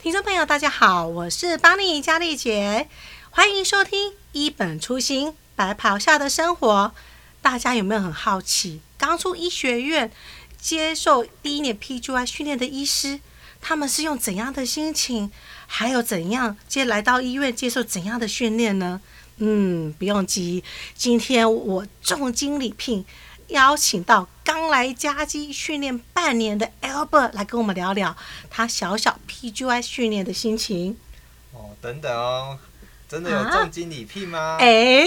聽眾朋友，大家好，我是邦尼嘉麗姐，歡迎收聽《一本初心白袍下的生活》。大家有沒有很好奇，剛出醫學院接受第一年 PGY 訓練的醫師，他們是用怎樣的心情，還有怎樣接來到醫院接受怎樣的訓練呢？嗯，不用急。今天我重金禮聘，邀請到剛來嘉基訓練半年的 Albert 來跟我們聊聊他小小 PGY 訓練的心情。哦，等等哦，真的有重金禮聘嗎？哎、啊，哎、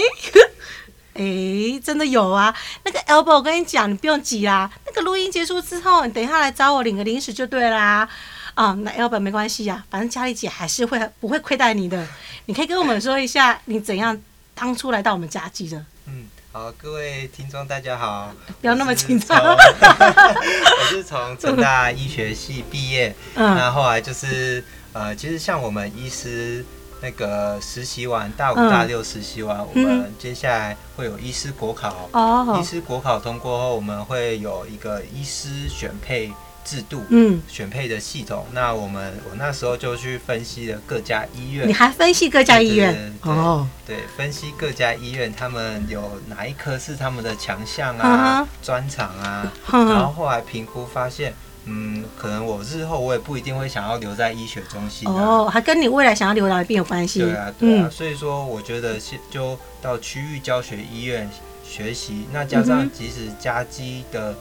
欸 欸，真的有啊。那個 Albert 我跟你講，你不用急啦、啊。那個錄音結束之後，你等一下來找我領個零食就對啦。啊、嗯，那要不沒關係呀、啊，反正嘉基姐還是會不會虧待你的。你可以跟我們說一下你怎樣當初來到我們嘉基的。嗯，好，各位聽眾大家好，不要那麼緊張， 我是從成大醫學系畢業，那、嗯、後，後來就是呃，其實像我們醫師那個實習完大五大六實習完，嗯、我們接下來會有醫師國考，哦，醫師國考通過後，我們會有一個醫師選配。制度，嗯，選配的系統。嗯、那我們我那時候就去分析了各家醫院，你還分析各家醫院哦？對，對, oh. 對，分析各家醫院，他們有哪一科是他們的強項啊、專、uh huh. 長啊？Uh huh. 然後後來評估發現，嗯，可能我日後我也不一定會想要留在醫學中心哦、啊，oh, 還跟你未來想要留哪一邊有關係？對啊，對啊。嗯、所以說，我覺得先就到區域教學醫院學習，那加上即使嘉基的、uh。Huh.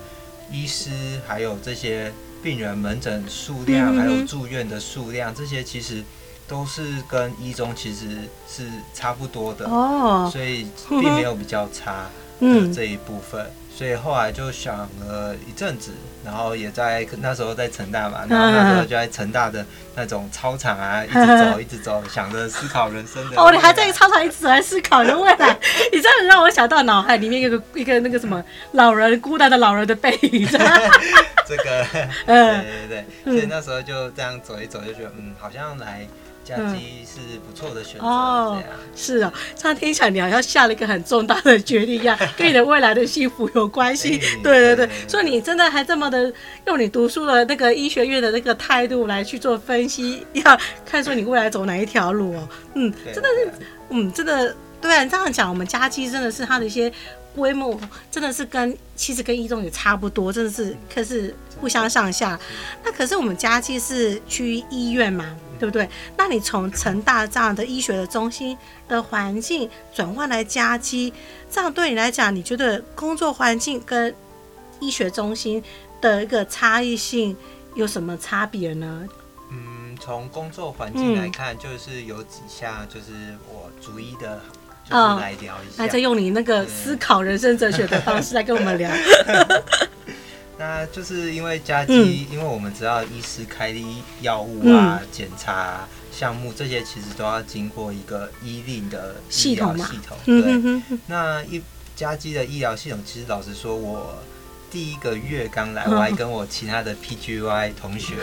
醫師還有這些病人，門診數量還有住院的數量，這些其實都是跟醫中其實是差不多的，所以並沒有比較差。嗯，這一部分，所以後來就想了一陣子，然後也在那時候在成大嘛，然後那時候就在成大的那種操場啊，一直走，一直走，想着思考人生的。哦，你還在操場一直來思考人未來， 你這樣讓我想到腦海裡面有個一個那個什麼老人，孤單的老人的背影。 這個，嗯，對對對，所以那時候就這樣走一走，就覺得嗯，好像來。嘉基是不錯的選擇，嗯，哦。這樣是啊、哦，這樣聽起來你好像下了一個很重大的決定一、啊、樣， 跟你的未來的幸福有關係， 對對對， 所以你真的還這麼的用你讀書的那個醫學院的那個態度來去做分析，要看說你未來走哪一條路哦。嗯，真的是，嗯，真的。對啊，這樣講，我們嘉基真的是它的一些規模，真的是跟其實跟一中也差不多，真的是，可是不相上下。嗯、那可是我們嘉基是區醫院嘛，嗯、對不對？那你從成大這樣的醫學的中心的環境轉換來嘉基，這樣對你來講，你覺得工作環境跟醫學中心的一個差異性有什麼差別呢？嗯，從工作環境來看，嗯、就是有幾項，就是我逐一的。啊，來聊一下、哦、還在用你那個思考人生哲學的方式來跟我們聊。那就是因為嘉基，嗯、因為我們知道醫師開的藥物啊、檢、嗯、查項、啊、目這些，其實都要經過一個醫、e、令的醫療系統。系統嘛對，嗯、哼哼那一嘉基的醫療系統，其實老實說，我第一個月剛來，嗯、我還跟我其他的 PGY 同學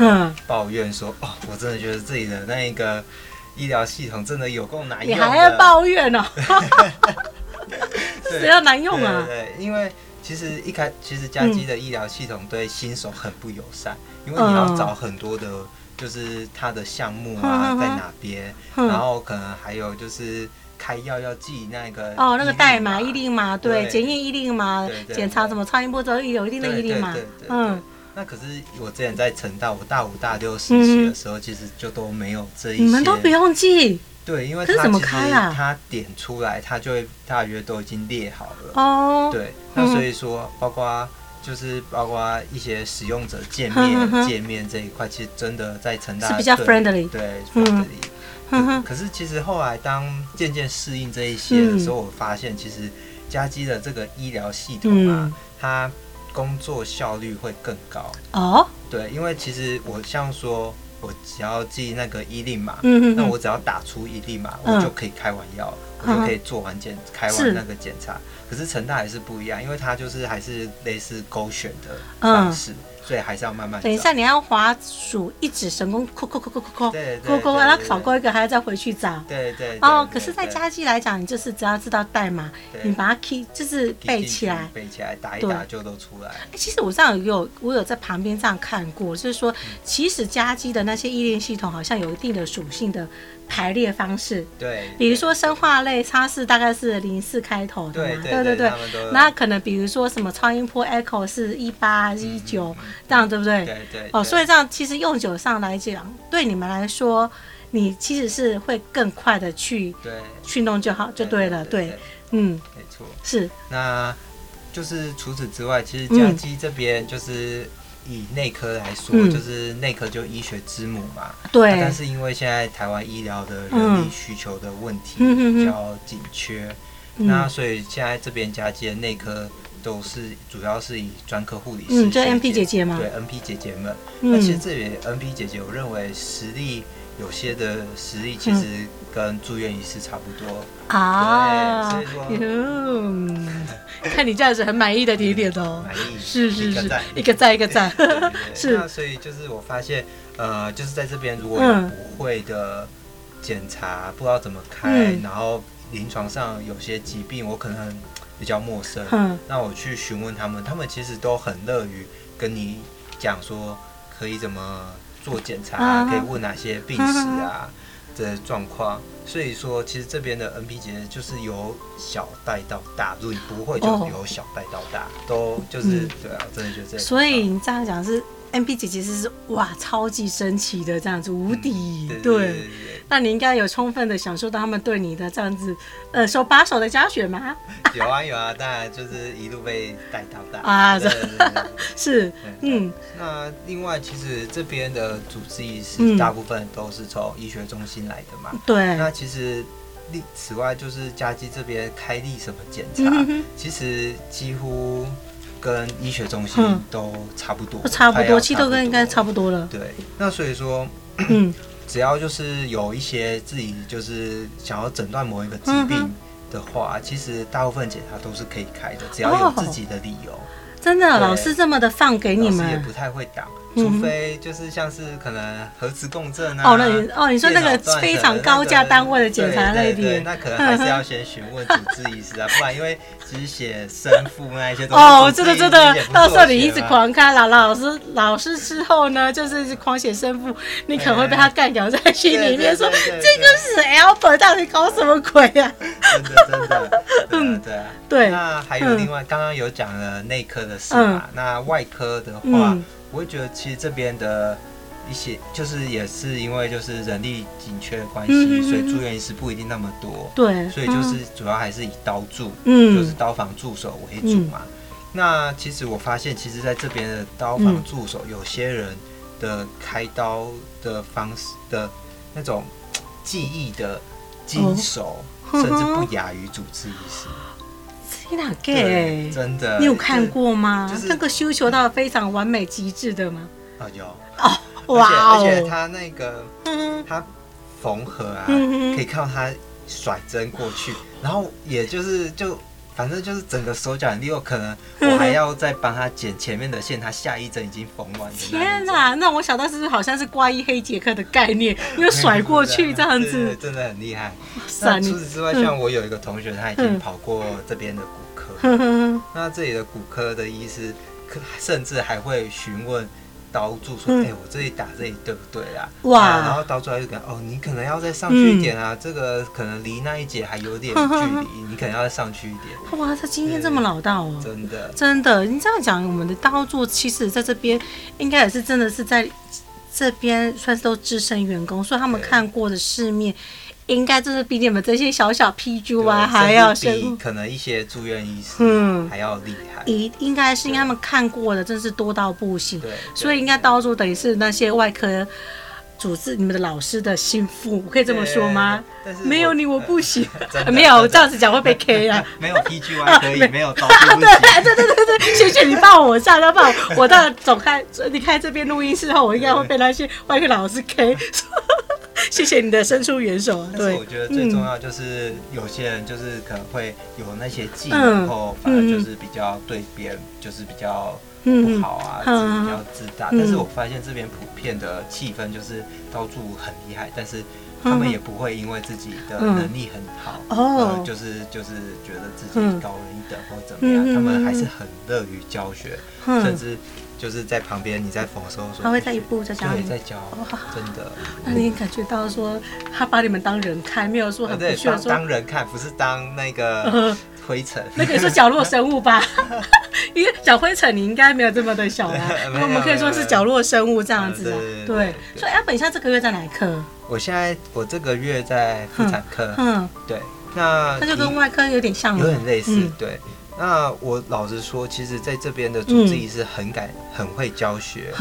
抱怨說，嗯、哦，我真的覺得自己的那一個。醫療系統真的有夠難用，你還要抱怨哦。哈哈要難用啊？對，對，因為其實一開，其實嘉基的醫療系統對新手很不友善，因為你要找很多的，就是它的項目啊在哪邊，然後可能還有就是開藥要記那個、嗯嗯嗯嗯、哦，那個代碼醫令嘛，對，檢驗醫令嘛，檢查什麼超音波都有一定的醫令碼，嗯。那可是我之前在成大，我大五、大六實習的時候，其實就都沒有這一些。你們都不用記。對，因為它是怎麼啊？它點出來，它就會大約都已經列好了。哦。對，那所以說，包括就是包括一些使用者界面界面這一塊，其實真的在成大是比較 friendly。對，friendly，嗯。哼哼，可是其實後來當漸漸適應這一些的時候，我發現其實嘉基的這個醫療系統啊，它。工作效率會更高哦，對，因為其實我像說，我只要記那個醫令碼，嗯哼那我只要打出醫令碼，我就可以開完藥，嗯、我就可以做完檢，嗯、哼開完那個檢查。是可是成大還是不一樣，因為它就是還是類似勾選的方式。嗯所以還是要慢慢。等一下，你要滑鼠一指神功，扣扣扣扣扣扣扣，然後少過一個，還要再回去找。對對、對。哦，可是在家機來講，你就是只要知道代碼，你把它 key，就是背起來，基基背起來，打一打就都出來，欸。其實我上有有，我有在旁邊這樣看過，就是說，其實家機的那些意念系統好像有一定的屬性的。排列方式，對，比如說生化類它是大概是零四開頭的嘛、啊，對對對，對對對，那可能比如說什麼超音波 echo 是一八一九這樣，對不對？對對，對，對哦，所以這樣其實用久上來講，對你們來說，你其實是會更快的去對，對，對，對去弄就好，就對了，對，對，對，對對嗯，沒錯錯，是，那就是除此之外，其實嘉基這邊就是。以內科來說，嗯、就是內科就醫學之母嘛。對、啊。但是因為現在台灣醫療的人力需求的問題比較緊缺，嗯嗯嗯、那所以現在這邊交接內科都是主要是以專科護理師。嗯，叫 NP 姐姐嗎？對，NP 姐姐們。那、嗯、其實這邊 NP 姐姐，我認為實力。有些的實力其實跟住院醫師差不多啊，對，所以說，看你這樣子很滿意的提點哦，滿意，是是是，一個贊一個贊，是。啊，所以就是我發現，呃，就是在這邊，如果有不會的檢查，不知道怎麼開，然後臨床上有些疾病，我可能很比較陌生，那我去詢問他們，他們其實都很樂於跟你講說可以怎麼。做檢查、啊 uh huh. 可以問哪些病史啊的狀況，uh huh. 所以說其實這邊的 N P 姐就是由小帶到大，如果你不會就由小帶到大，oh. 都就是、uh huh. 對啊，真的就是。所以你這樣講是。NP 姐姐是哇，超級神奇的這樣子，無敵、嗯。對，對對那你應該有充分的享受到他們對你的這樣子，呃，手把手的教學嗎？有啊有啊，有啊 當然就是一路被帶到大啊，是，對嗯那。那另外，其實這邊的主治醫師大部分都是從醫學中心來的嘛。對、嗯。那其實，此外，就是嘉基這邊開立什麼檢查，嗯、哼哼其實幾乎。跟醫學中心都差不多，嗯、不差不多，七都跟應該差不多了。對，那所以說，嗯、只要就是有一些自己就是想要診斷某一個疾病的話，嗯、哼，其實大部分檢查都是可以開的，只要有自己的理由。哦。真的，老師這麼的放給你們也不太會打，除非就是像是可能核磁共振啊。哦，你哦，你說那個非常高價單位的檢查類別對，那可能還是要先詢問主治醫師啊，不然因為其實寫生父那一些東西哦，真的真的，到時候你一直狂看了老師老師之後呢，就是狂寫生父，你可能會被他幹掉在心裡面，說這個是 Albert 到底搞什麼鬼啊？真的真的，嗯對對。那還有另外剛剛有講了內科的。是嘛？嗯、那外科的話，嗯、我會覺得其實這邊的一些，就是也是因為就是人力緊缺的關係，嗯嗯嗯、所以住院醫師不一定那麼多。對，嗯、所以就是主要還是以刀助，嗯、就是刀房助手為主嘛。嗯嗯、那其實我發現，其實在這邊的刀房助手，嗯、有些人的開刀的方式的那種技藝的精熟，哦、呵呵甚至不亞於主治醫師。真的，你有看過嗎？就是、就是、那個修修到非常完美極致的嗎？啊、哎呦，有哦，哇而，而且他那個，嗯、哼他縫合啊，嗯、哼可以靠他甩針過去，哇然後也就是就。反正就是整個手腳很利落，可能我還要再幫他剪前面的線，呵呵他下一針已經縫完了。天哪、啊，那我想到是，是好像是掛一黑傑克的概念， 又甩過去這樣子，啊、真的很厲害。哇塞你！那除此之外，呵呵像我有一個同學，他已經跑過這邊的骨科，呵呵那這裡的骨科的醫師，甚至還會詢問。刀柱說：“哎、欸，我這裡打這裡、嗯、對不對哇啊？」哇！然後刀柱還就講哦，你可能要再上去一點啊，嗯、這個可能離那一節還有點距離，呵呵呵你可能要再上去一點。哇”哇他今天這麼老道哦！真的，真的，你這樣講，我們的刀柱其實在這邊，應該也是真的是在這邊算是都資深員工，所以他們看過的世面。應該就是比你們這些小小 PGY 還要行，可能一些住院醫師嗯還要厲害。應應該是因為他們看過的，真是多到不行。對，所以應該到處等於是那些外科主治你們的老師的心腹，可以這麼說嗎？沒有你我不行。沒有，這樣子講會被 K 啊。沒有 PGY 可以沒有。啊對對對對對，謝謝你抱我一下，要不然我我到走開。你看這邊錄音室後，我應該會被那些外科老師 K。 謝謝你的伸出援手。對，但是我覺得最重要就是、嗯、有些人就是可能會有那些技能，然後、嗯、反而就是比較對別人就是比較不好啊，嗯、比較自大。嗯、但是我發現這邊普遍的氣氛就是刀助很厲害，但是。他們也不會因為自己的能力很好，哦，就是就是覺得自己高人一等或怎麼樣，他們還是很樂於教學，甚至就是在旁邊你在縫的時候，他會再一步就教，在教，真的。那你感覺到說他把你們當人看，沒有說很對當人看，不是當那個。灰塵，那可以說角落生物吧，因為小灰塵你應該沒有這麼的小了，我們可以說是角落生物這樣子。對，所以，Albert，這個月在哪科？我現在我這個月在婦產科。嗯，對，那它就跟外科有點像。有點類似，對。那我老實說，其實在這邊的主治醫師很敢，很會教學，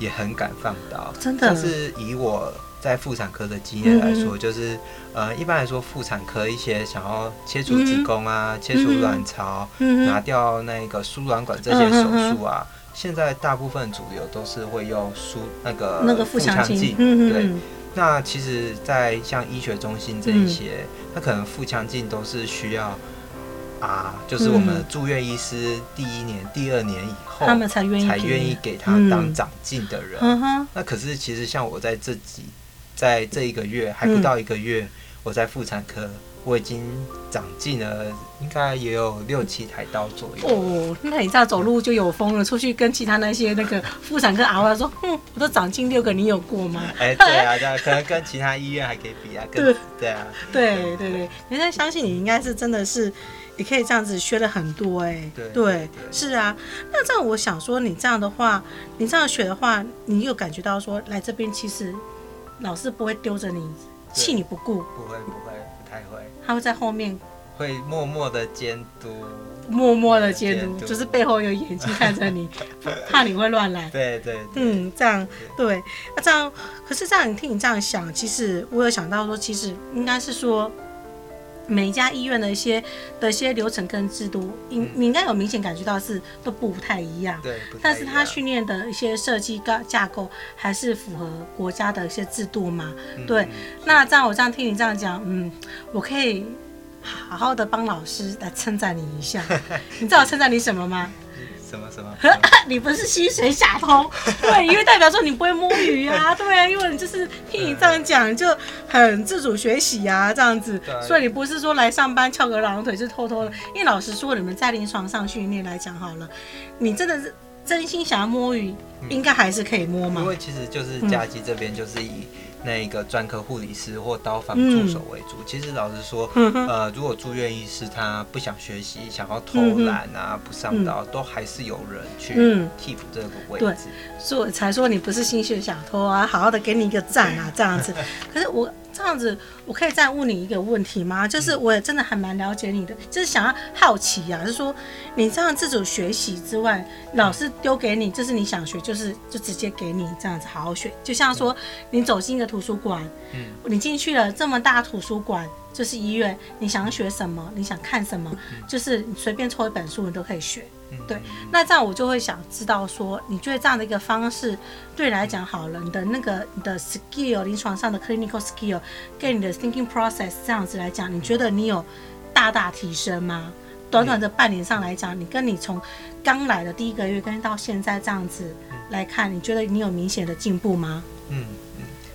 也很敢放刀，真的。就是以我。在婦產科的經驗來說，就是呃，一般來說，婦產科一些想要切除子宮啊、切除卵巢、拿掉那個輸卵管這些手術啊，現在大部分主流都是會用輸那個腹腔鏡。對，那其實，在像醫學中心這一些，那可能腹腔鏡都是需要啊，就是我們住院醫師第一年、第二年以後，他們才願意才願意給他當掌鏡的人。那可是，其實像我在嘉基。在這一個月還不到一個月，嗯、我在婦產科，我已經長進了，應該也有六七台刀左右。哦，那你這樣走路就有風了，嗯、出去跟其他那些那個婦產科阿伯說，嗯，我都長進六個，你有過嗎？哎、欸，對啊，對啊， 可能跟其他醫院還可以比啊。跟對，對啊，對對對，那、啊欸、相信你應該是真的是，你可以這樣子學了很多哎、欸。對，對，對，對，是啊。那這樣我想說，你這樣的話，你這樣學的話，你有感覺到說來這邊其實。老師不會丟着你，棄你不顧。不會，不會，不太會。他會在後面，會默默的監督，默默的監督，監督就是背後有眼睛看着你， 怕你會亂來。對，對對，嗯，這樣對，那這樣，可是這樣，你聽你這樣想，其實我有想到說，其實應該是說。每一家醫院的一些的一些流程跟制度，應、嗯、你應該有明顯感覺到是都不太一樣。對，但是他訓練的一些設計架架構還是符合國家的一些制度嘛。嗯、對。嗯、那這樣我這樣聽你這樣講，嗯，我可以好好的幫老師來稱讚你一下。 你知道我稱讚你什麼嗎？什麼什麼？你不是薪水小偷？ 對，因為代表說你不會摸魚啊。對啊，因為你就是聽你這樣講就很自主學習啊，這樣子。所以你不是說來上班翹個二郎腿就是偷偷的？因為老實說，你們在臨床上訓練來講好了，你真的是真心想要摸魚，應該還是可以摸嘛。嗯、因為其實就是嘉基這邊就是以。那個專科護理師或刀房助手為主。嗯、其實老實說，嗯、哼呃，如果住院醫師他不想學習，想要偷懶啊，嗯、哼不上刀，嗯、都還是有人去替補這個位置，嗯。對，所以才說你不是心血想偷啊，好好的給你一個讚啊，對這樣子。 可是我。這樣子，我可以再問你一個問題嗎？就是我也真的還蠻了解你的，就是想要好奇呀、啊，就是說你這樣自主學習之外，老師丟給你，就是你想學，就是就直接給你這樣子好好學。就像說你走進一個圖書館，嗯，你進去了這麼大圖書館，就是醫院，你想學什麼，你想看什麼，就是你隨便抽一本書，你都可以學。對，那這樣我就會想知道說，你覺得這樣的一個方式對你來講好了，你的那個你的 skill，臨床上的 clinical skill 跟你的 thinking process 這樣子來講，你覺得你有大大提升嗎？短短的半年上來講，你跟你從剛來的第一個月跟到現在這樣子來看，你覺得你有明顯的進步嗎？嗯。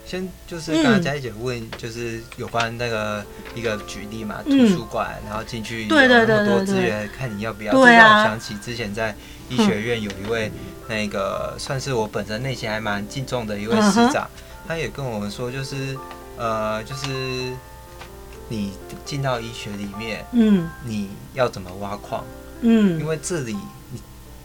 先就是剛剛佳怡姐問，嗯、就是有關那個一個舉例嘛，圖書館，嗯、然後進去有那麼多資源，對對對對對，看你要不要。讓我想起之前在醫學院有一位那個算是我本身內心還蠻敬重的一位師長，嗯、他也跟我們說，就是、嗯、呃，就是你進到醫學裡面，嗯，你要怎麼挖礦，嗯，因為這裡。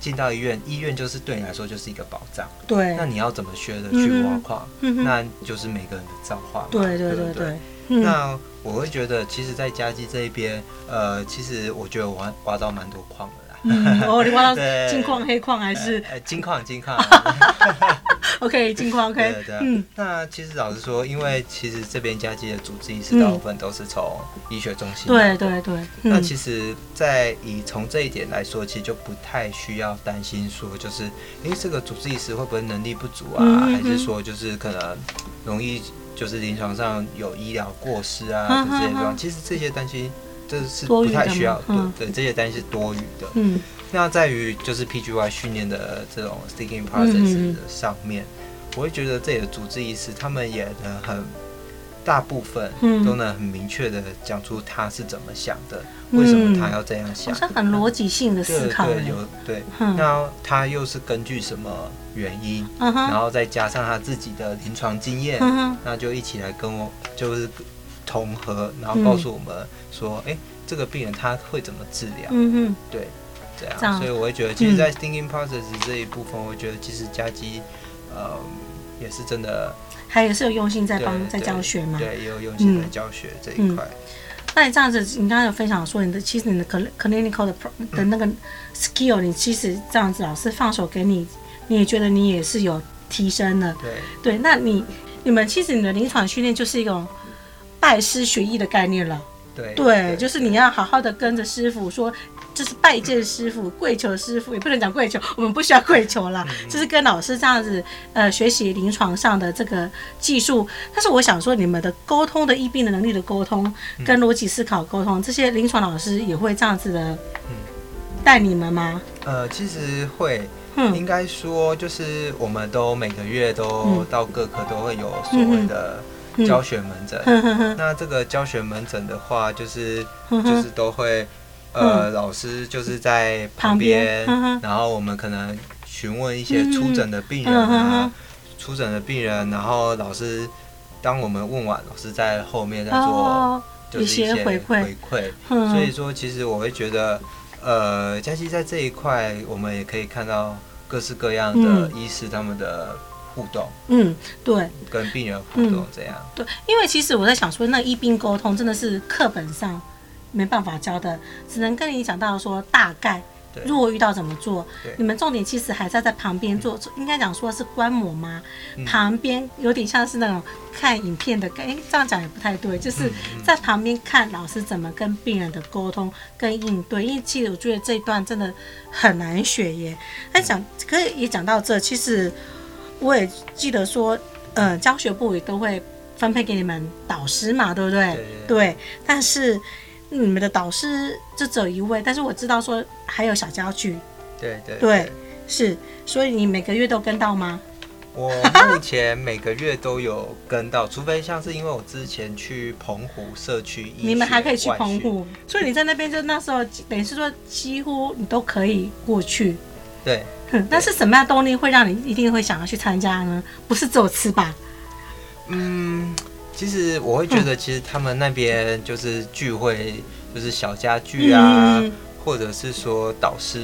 進到醫院，醫院就是對你來說就是一個保障。對，那你要怎麼學的去挖礦？嗯嗯、那就是每個人的造化嘛。對對對對，對對嗯、那我會覺得，其實，在家積這一邊，呃，其實我覺得我挖，挖到蠻多礦的啦、嗯。哦，你挖到金礦、對黑礦還是？哎、金礦金礦。 OK，盡快 OK 對。對對。嗯，那其實老實說，因為其實這邊嘉基的主治醫師大部分都是從醫學中心、嗯。對對對。對嗯、那其實，在以從這一點來說，其實就不太需要擔心說，就是誒、欸、這個主治醫師會不會能力不足啊？嗯、還是說就是可能容易就是臨床上有醫療過失啊、嗯嗯、這些狀況？其實這些擔心這是不太需要，嗯、對對，這些擔心是多餘的。嗯。那在於就是 PGY 訓練的這種 thinking process 的上面，嗯、我會覺得這裡的主治醫師他們也很大部分都能很明確的講出他是怎麼想的，嗯、為什麼他要這樣想的、嗯，好像很邏輯性的思考對對對。對對有對，嗯、那他又是根據什麼原因，嗯、然後再加上他自己的臨床經驗，嗯、那就一起來跟我就是同和，然後告訴我們說，哎、嗯欸，這個病人他會怎麼治療？嗯哼對。這樣，這樣所以我會覺得，其實在、嗯，在 thinking process 這一部分，我覺得其實嘉基呃，也是真的，還也是有用心在幫，對在教學嘛。對，也有用心在教學這一塊、嗯嗯。那你這樣子，你剛剛有分享說你的，其實你的 clinical 的的那個 skill、嗯、你其實這樣子，老師放手給你，你也覺得你也是有提升的。對。對，那你你們其實你的臨床訓練就是一種拜師學藝的概念了。對。對，對就是你要好好的跟着師傅說。就是拜見師傅，嗯、跪求師傅也不能講跪求，我們不需要跪求啦，嗯、就是跟老師這樣子，呃，學習臨床上的這個技術。但是我想說，你們的溝通的醫病的能力的溝通，跟邏輯思考溝通，這些臨床老師也會這樣子的帶你們嗎？呃，其實會，嗯、應該說就是我們都每個月都到各科都會有所謂的教學門診。那這個教學門診的話，就是就是都會。呃，老師就是在旁邊，旁邊呵呵，然後我們可能詢問一些出診的病人啊，嗯、呵呵出診的病人，然後老師，當我們問完，老師在後面在做，就是一些回饋，哦，回饋。所以說，其實我會覺得，呃，嘉基在這一塊，我們也可以看到各式各樣的醫師他們的互動，嗯，嗯，對，跟病人互動這樣，嗯。對，因為其實我在想說，那醫病溝通真的是課本上。沒辦法教的，只能跟你講到說大概，如果遇到怎麼做，你們重點其實還是要在旁邊做，嗯、應該講說是觀摩嘛，嗯、旁邊有點像是那種看影片的，哎、欸，這樣講也不太對,就是在旁邊看老師怎麼跟病人的溝通跟應對，嗯嗯、因為其實我覺得這一段真的很難學耶。那講可以也講到這，其實我也記得說，呃，教學部也都會分配給你們導師嘛，對不對？對、對、對，但是。你們的導師就只有一位，但是我知道說還有小家具。對對對，對，是。所以你每個月都跟到嗎？我目前每個月都有跟到， 除非像是因為我之前去澎湖社區醫學，你們還可以去澎湖，學所以你在那邊就那時候，等於是說幾乎你都可以過去。對。 但是什麼樣的動力會讓你一定會想要去參加呢？不是只有吃吧？嗯。其實我會覺得，其實他們那邊就是聚會，就是小家聚啊，嗯、或者是說導師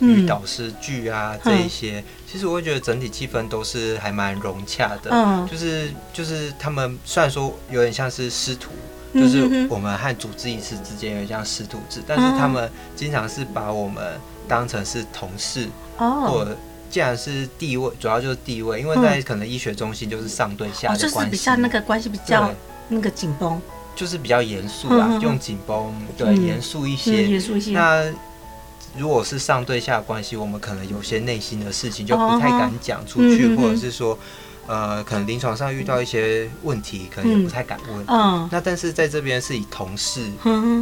與導師聚啊，這一些，嗯嗯、其實我會覺得整體氣氛都是還蠻融洽的。嗯、就是就是他們雖然說有點像是師徒，嗯、哼哼就是我們和主治醫師之間有點像師徒制，嗯、哼哼但是他們經常是把我們當成是同事，哦、或既然是地位，主要就是地位，因為在可能醫學中心就是上對下的關係。上那個關係比較那個緊繃，就是比較嚴肅啊，用緊繃對嚴肅一些。那如果是上對下的關係，我們可能有些內心的事情就不太敢講出去，或者是說，呃，可能臨床上遇到一些問題，可能也不太敢問。嗯。那但是在這邊是以同事，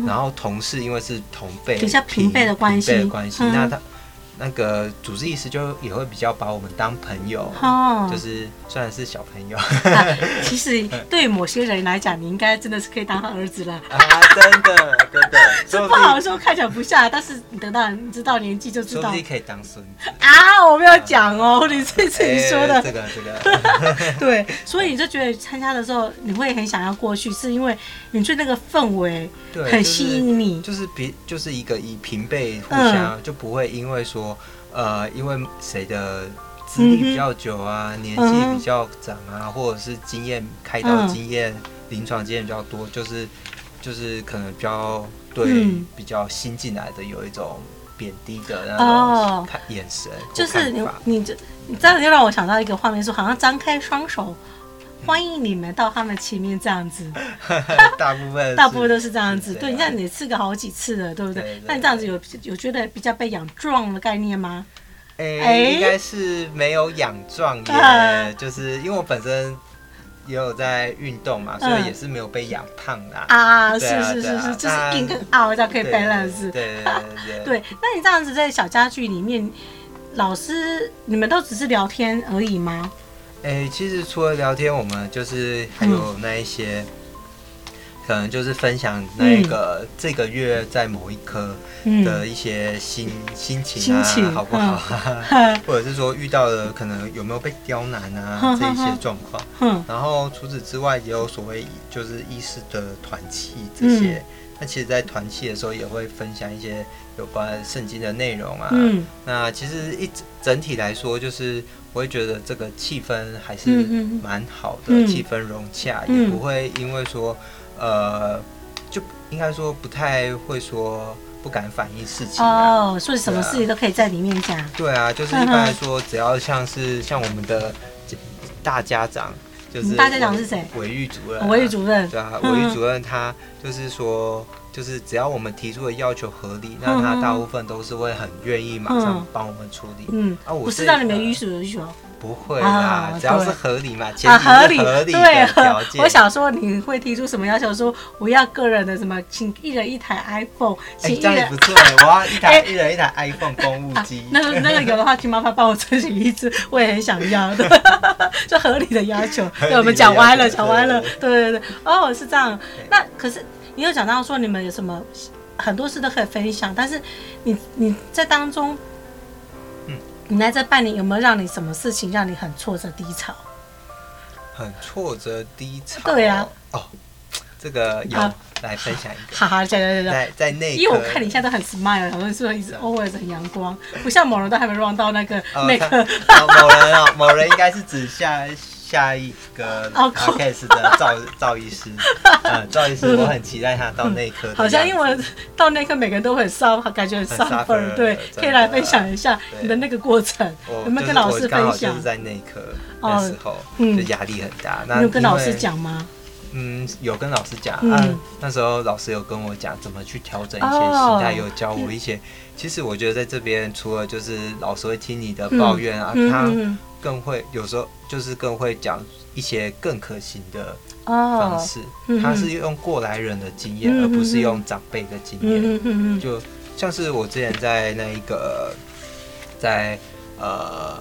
然後同事因為是同輩，比較平輩的關係。關係。那他。那個組織意識就也會比較把我們當朋友，就是雖然是小朋友。其實對某些人來講，你應該真的是可以當兒子了。真的，真的。是不好說，看起來不像，但是你等到你知道年紀就知道。可以當孫子啊！我沒有講哦，你自己自己說的。這個，這個。對，所以你就覺得參加的時候你會很想要過去，是因為你去那個氛圍很吸引你，就是比，就是一個以平輩互相，就不會因為說。呃，因為誰的資歷比較久啊，mm hmm. 年紀比較長啊，uh huh. 或者是經驗開刀經驗、臨、uh huh. 床經驗比較多，就是就是可能比較對比較新進來的有一種貶低的那種看、uh huh. 眼神。就是你你這你這樣子又讓我想到一個畫面，說好像張開雙手。歡迎你們到他們前面這樣子，大部分大部分都是這樣子，對，你像你吃過好幾次了，對不對？那你這樣子有有覺得比較被養壯的概念嗎？誒，應該是沒有養壯，就是因為我本身也有在運動嘛，所以也是沒有被養胖啦。啊，是是是是，就是 in 跟 out 才可以 balance。對對。對，那你這樣子在小家具裡面，老師你們都只是聊天而已嗎？哎、欸，其實除了聊天，我們就是還有，有那一些，嗯、可能就是分享那個、嗯、這個月在某一科的一些心、嗯、心情啊，心情啊好不好、啊、呵呵或者是說遇到了可能有沒有被刁難啊呵呵這一些狀況。呵呵然後除此之外，也有所謂就是醫師的團契這些。嗯那其實，在團契的時候，也會分享一些有關聖經的內容啊。嗯，那其實一整整體來說，就是我會覺得這個氣氛還是蠻好的，氣氛融洽，嗯，嗯、也不會因為說，呃，就應該說不太會說不敢反映事情、啊。哦，所以什麼事情都可以在裡面講。對啊，就是一般來說，只要像是像我們的大家長。就是大家長是誰？維玉主任、啊、維玉主任。維玉主任，對啊，維玉主任他就是說，嗯、就是只要我們提出的要求合理，嗯、那他大部分都是會很願意馬上幫我們處理。嗯，啊、我不是讓你們玉主任去哦。不會啊，只要是合理嘛，前提的合理條件。我想說，你會提出什麼要求？說我要個人的什麼，請一人一台 iPhone。家裡不錯，我要一台，一人一台 iPhone 公務機。那那個有的話，請麻煩幫我申請一支，我也很想要的，就合理的要求。我們講歪了，講歪了，對對對，哦，是這樣。那可是你有講到說，你們有什麼很多事都可以分享，但是你你在當中。你來這半年有沒有讓你什麼事情讓你很挫折低潮？很挫折低潮，對呀、啊。哦，這個有。啊、來分享一個，啊、哈哈，對對對來在在在在內。因為我看你現在都很 smile，好像說一直 always 很陽光，不像某人，都還沒 run 到那個 那個。某人啊，某人、哦、 某人應該是指向下一個 podcast 的趙趙醫師，嗯，趙醫師，我很期待他到內科，好像因為到內科每個人都很燒，感覺很上分，對，可以來分享一下你的那個過程，有沒有跟老師分享？就是，就是在內科那時候，嗯，壓力很大，你有跟老師講嗎？嗯，有跟老師講。嗯、啊。那時候老師有跟我講怎麼去調整一些心態，哦、有教我一些。其實我覺得在這邊，除了就是老師會聽你的抱怨啊，嗯嗯嗯嗯、他更會有時候就是更會講一些更可行的方式。哦嗯、他是用過來人的經驗，嗯嗯、而不是用長輩的經驗。嗯嗯嗯嗯嗯、就像是我之前在那一個，在呃。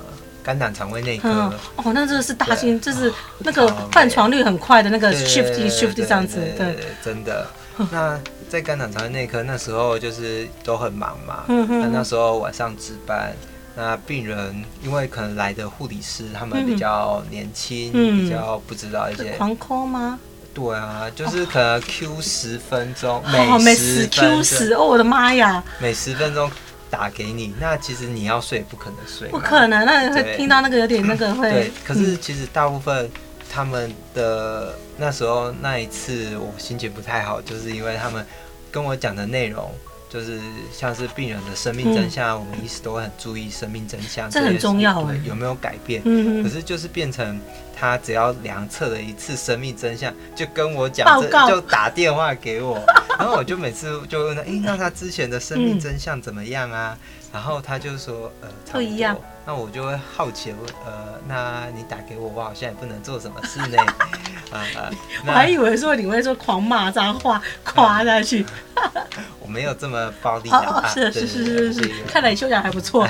肝膽腸胃內科，哦，那這個是大型，就是那個翻床率很快的那個 shifty shifty 這樣子，對，真的。那在肝膽腸胃內科那時候就是都很忙嘛，嗯那時候晚上值班，那病人因為可能來的護理師他們比較年輕，比較不知道一些。狂 call 嗎？對啊，就是可能 Q 十分鐘，每十 Q 十，我的媽呀，每十分鐘。打給你，那其實你要睡也不可能睡，不可能，那你會聽到那個有點那個會、嗯。對，嗯、可是其實大部分他們的、嗯、那時候那一次我心情不太好，就是因為他們跟我講的內容，就是像是病人的生命徵象，嗯、我們一直都會很注意生命徵象，嗯、對這很重要的。有沒有改變？嗯、可是就是變成。他只要量測了一次生命徵象，就跟我講，告就打電話給我， 然後我就每次就問他，哎，欸，那他之前的生命徵象怎麼樣啊？嗯、然後他就說，呃，不一樣。那我就會好奇呃，那你打給我，我好像也不能做什麼事呢？啊啊！我還以為說你會說狂罵髒話，誇下去。我沒有這麼暴力啊！是是是是是，看來你修養還不錯。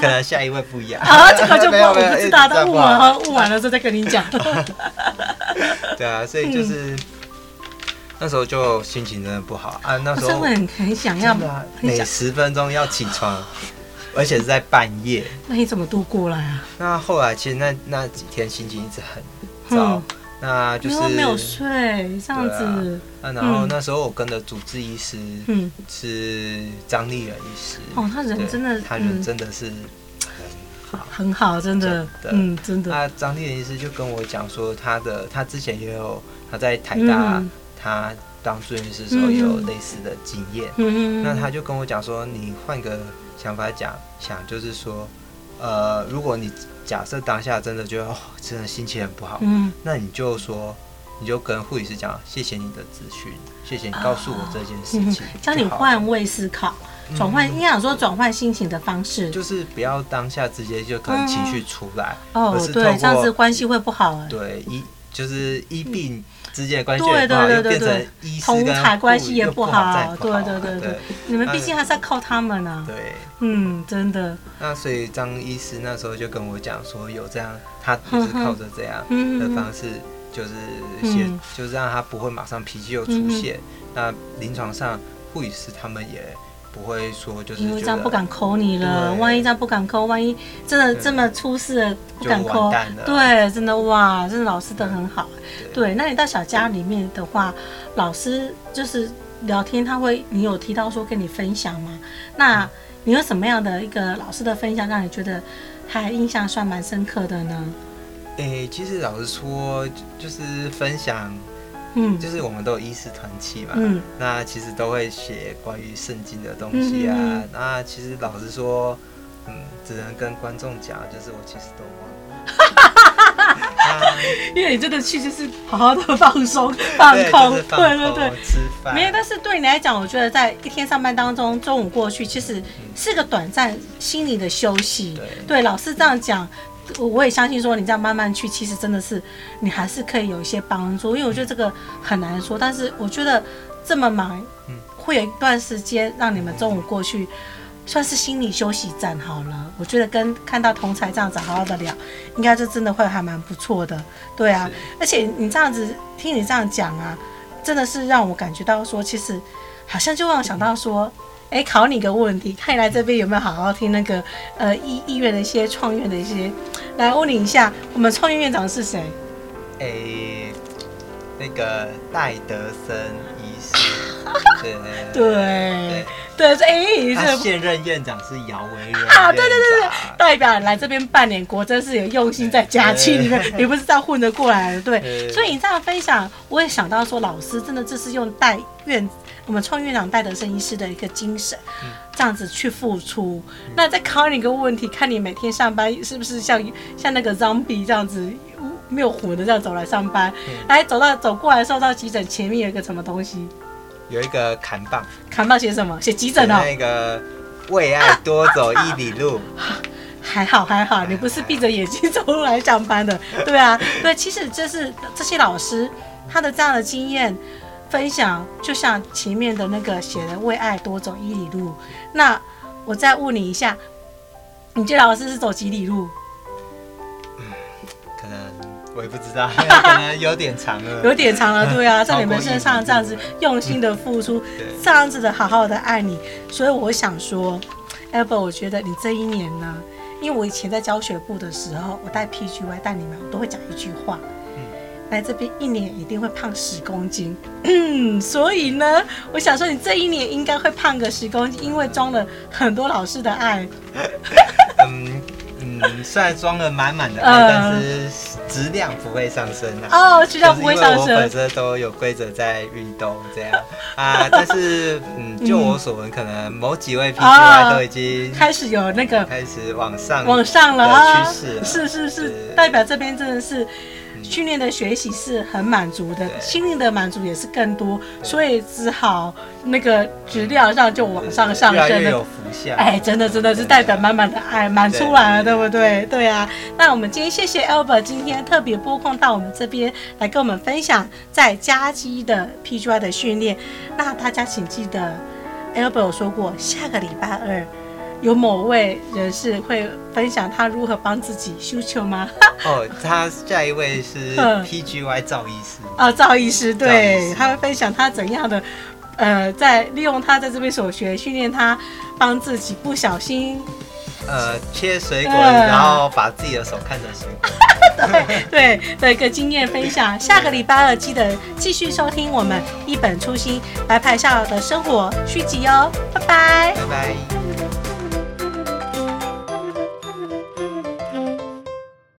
可能下一位不一樣。啊，這個就不要，不知道到悟完哈悟完了之後再跟你講。對啊，所以就是那時候就心情真的不好啊。那時候真的很很想要每十分鐘要起床。而且是在半夜，那你怎麼度過來啊？那後來其實那那幾天心情一直很糟，嗯、那就是因為沒，沒有睡這樣子。啊嗯啊，然後那時候我跟的主治醫師嗯是張麗仁醫師，嗯、哦，他人真的，他人真的是很好，嗯，很好，真的，真的嗯，真的。那張麗仁醫師就跟我講說，他的他之前也有他在台大、嗯、他當住院醫師時候也有類似的經驗，嗯嗯嗯嗯，那他就跟我講說，你換個。想法講，想就是說，呃，如果你假設當下真的覺得，哦，真的心情很不好，嗯，那你就說，你就跟護理師講，謝謝你的諮詢，謝謝你告訴我這件事情，教、哦嗯、你換位思考，轉換應該說轉換心情的方式，就是不要當下直接就可能情緒出來，嗯、哦，對，這樣子關係會不好。欸，對一。就是醫病之間的關係，不對對對對對，變成醫同台關係也不好，不好不好啊，對對對對，對，你們畢竟還是要靠他們吶、啊。那對，嗯，真的。那所以張醫師那時候就跟我講說，有這樣，他就是靠着這樣的方式，就是解，嗯、就是讓他不會馬上脾氣又出現。嗯、那臨床上護理師他們也。不會說就是，因為這樣不敢 call 你了。對萬一這樣不敢 call，萬一真的這麼出事了，對不敢 call，對，真的哇，真的老師都很好，欸。嗯、對，對，那你到小家裡面的話，對老師就是聊天，他會，你有提到說跟你分享嗎？那你有什麼樣的一個老師的分享，讓你覺得還印象算蠻深刻的呢？誒、欸，其實老實說，就是分享。嗯，就是我們都有醫師團契嘛，嗯、那其實都會寫關於聖經的東西啊。嗯嗯嗯，那其實老實說，嗯，只能跟觀眾講，就是我其實都忘了。 啊、因為你這個去就是好好的放鬆、放空，對對對。吃飯飯。沒有，但是對你來講，我覺得在一天上班當中，中午過去其實是個短暫心理的休息。對，對，老師這樣講。我我也相信說，你這樣慢慢去，其實真的是你還是可以有一些幫助，因為我覺得這個很難說。但是我覺得這麼忙，會有一段時間讓你們中午過去，算是心理休息站好了。我覺得跟看到同才這樣子好好的聊，應該就真的會還蠻不錯的，對啊。是而且你這樣子聽你這樣講啊，真的是讓我感覺到說，其實好像就讓我想到說。嗯哎，考你個問題，看你來這邊有沒有好好聽那個呃醫醫院的一些創院的一些。來問你一下，我們創院院長是誰？哎，那個戴德森醫生。對對對，是他現任院長是姚維仁啊。對對對對，代表來這邊半年，果，真是有用心在嘉基裡面，也不是在混得過來了。對，所以你這樣分享，我也想到說，老師真的這是用戴院。我們創院長戴德森醫師的一個精神，嗯、這樣子去付出。嗯、那再考你一個問題，看你每天上班是不是像像那個 zombie 這樣子沒有魂的這樣走來上班，嗯、來走到走過來的時候，到急診前面有一個什麼東西？有一個看板。看板寫什麼？寫急診哦、喔。那個為愛多走一里路。還好、啊啊、還好，還好還好你不是閉着眼睛走好路來上班的。對啊， 對，其實這、就是這些老師他的這樣的經驗分享就像前面的那個寫的“為愛多走一里路”，那我再問你一下，你這老師是走幾里路？可能我也不知道， 可能有點長了。 有點長了，對啊， 在你們身上這樣子用心的付出， 這樣子的好好的愛你，對所以我想說，Albert，我覺得你這一年呢，因為我以前在教學部的時候，我帶 PGY 帶你們，我都會講一句話。來這邊一年一定會胖十公斤，嗯， 所以呢，我想說你這一年應該會胖個十公斤，嗯、因為裝了很多老師的愛。 嗯嗯，雖然裝了滿滿的愛，嗯、但是質量不會上升，啊、哦，質量不會上升，因為我本身都有規則在運動這樣啊，但是嗯，就我所聞，嗯、可能某幾位 PGY、啊、都已經開始有那個開始往上了往上了啊，趨勢是是是，是代表這邊真的是。訓練的學習是很滿足的，心靈的滿足也是更多，對所以只好那個質量上就往上上升了。對對對越越哎，真的，真的，真的對對對是代表滿滿的愛滿、哎、出來了，對，對，對，對不對？對啊。那我們今天謝謝 Albert 今天特別撥空到我們這邊來跟我們分享在嘉基的 PGY 的訓練。那大家請記得 Albert 我說過，下個禮拜二。有某位人士會分享他如何幫自己修球嗎？ 哦，他下一位是 P G Y 趙醫師。嗯、哦，趙醫師，對，他會分享他怎樣的，呃，在利用他在這邊所學訓練，他幫自己不小心，呃，切水果、嗯、然後把自己的手看整形 對對的一個經驗分享。 下個禮拜二記得繼續收聽我們一本初心、嗯、白袍下的生活續集哦，拜、拜，拜拜。